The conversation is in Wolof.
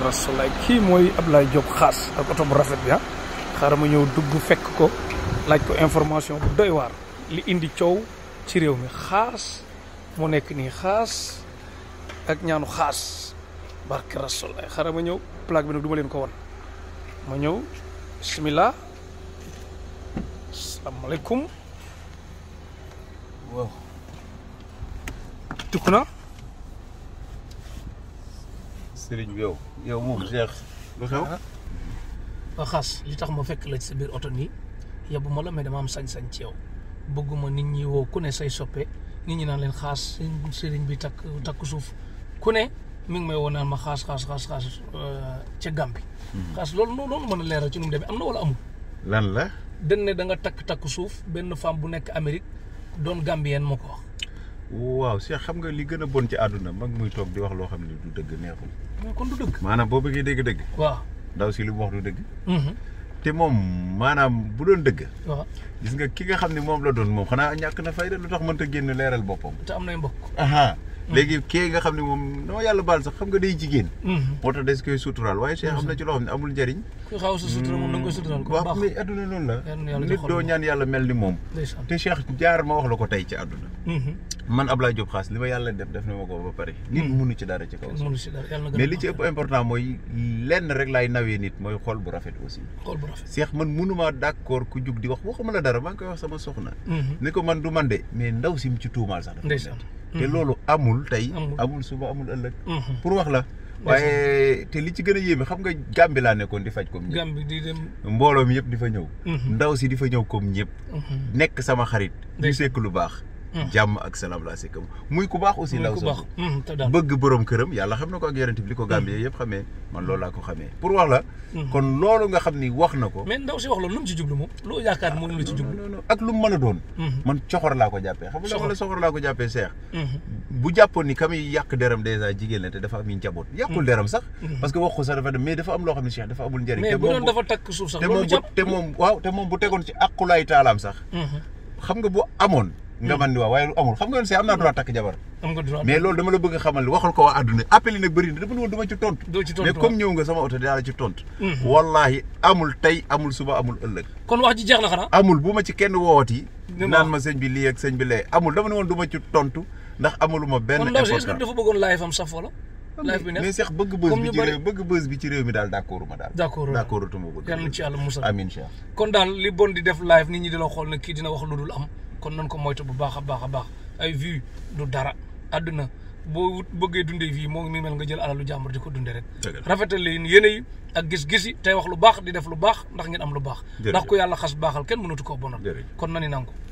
rasulaay kii mooy Ablaye Diop xaas ak oto bu rafet ya ah xaaral ma ñëw dugg fekk ko laaj ko information bu doy waar li indi coow ci réew mi xaas mu nekk nii xaas ak ñaanu xaas barke rasulaay xaaral ma ñëw plaque bi nag du leen ko won ma ñëw simila asalaamaaleykum waaw tukk na sëriñ bi yow yow moom Cheikh lu xew ah. Ah, xas li tax ma fekk la ci sa biir oto nii yóbbu ma la mais dama am sañ-sañ ci yow bëgguma nit ñi woo ku ne say soppe nit ñi naan leen xaas sëriñ bi takk takk suuf ku ne mu ngi may woo naan ma xaas xaas xaas xaas euh, ca Gàmbi hmm. loolu noonu loolu mën a leeral ci nu mu demee am na wala amul lan la dañ ne da nga takk takk suuf benn femme bu nekk Amérique doon Gambien moo ko wax waaw se xam nga li gën a bon ci àdduna mag muy toog di wax loo xam ne du dëgg neexul. kon du dëgg. maanaam boo bëggee dëgg-dëgg. waaw ndaw si li mu wax du dëgg. Mm-hmm. te moom maanaam bu doon dëgg. waaw gis nga ki nga xam ni moom la doon moom xanaa ñàkk na fayda lu tax mënta génn leeral boppam. te am nay mbokk. léegi kii nga xam ne moom noo yàlla baal sax xam nga day jigéen mm-hmm. moo tax des koy suturaal waaye Cheikh xam na ci loo xam ne amul njariñ ku xaw sa sutura moom da nga koy suturaal ko mm-hmm. baax mais adduna noonu la nit doo ñaan yàlla mel ni moom te Cheikh jaar ma wax la ko tey ci àdduna mm-hmm. man Ablaye Diop Xaas li ma yàlla def def na ma ko ba pare nit mënu ci dara ci kaw mais li ci ëpp important mooy lenn rek laay nawee nit mooy xol bu rafet bu rafet Cheikh man mënumaa d'accord ku jug di wax waxuma la dara maa ngi koy wax sama soxna te mhm. loolu amul tey. amul suba amul ëllëg. Mhm. pour wax la. waaye te li ci gën a yéeme xam nga Gàmbi laa nekkoon di faj comme ñëpp. Gàmbi di mbooloo yëpp di fa ñëw. Mhm. ndaw si di fa ñëw comme ñëpp. nekk sama xarit. di sekk lu baax. Hmm. jàmm ak salaam laa sikkam muy ku baax aussi ndaw soo hmm, bëgg borom këram yàlla xam na ko ak yonent bi li ko Gambie hmm. yëpp xamee man loolu laa ko xamee pour wax la kon loolu nga xam ni wax na ko mais ndaw si wax loolu lu mu ci jublu moom loolu yaakaar moom ah, la a dafa am loo xam ne Cheikh dafa amul njëriñ te te moom waaw te moom bu tegoon ci aqulaay taalaam sax xam nga bu amoon nga man di waaw waaye lu amul xam nga ne am a xamal waxal mhm. amul amul suba amul kon wax ji jeex na xanaa amul bu ma ci kenn woowat ma sëñ bi lii ak sëñ bi lee amul dama ne woon ma benn importance sax bëgg bës bi ci réew mi daal d'accord ma daal d'accord d'accord tuma ko yàlla ci kon daal li bon di def live nit ñi di xool ne kii dina wax lu dul am kon nañ ko moytu bu baax a baax a baax ay vues du dara àdduna boo bëggee dundee fii moo ngi mel nga jël alalu jàmbur di ko dundee rek. rafetal leen yéene yi ak gis-gis yi tey wax lu baax di def lu baax ndax ngeen am lu baax. ndax ku yàlla xas baaxal kenn mënatu koo bonal. kon nani nangu.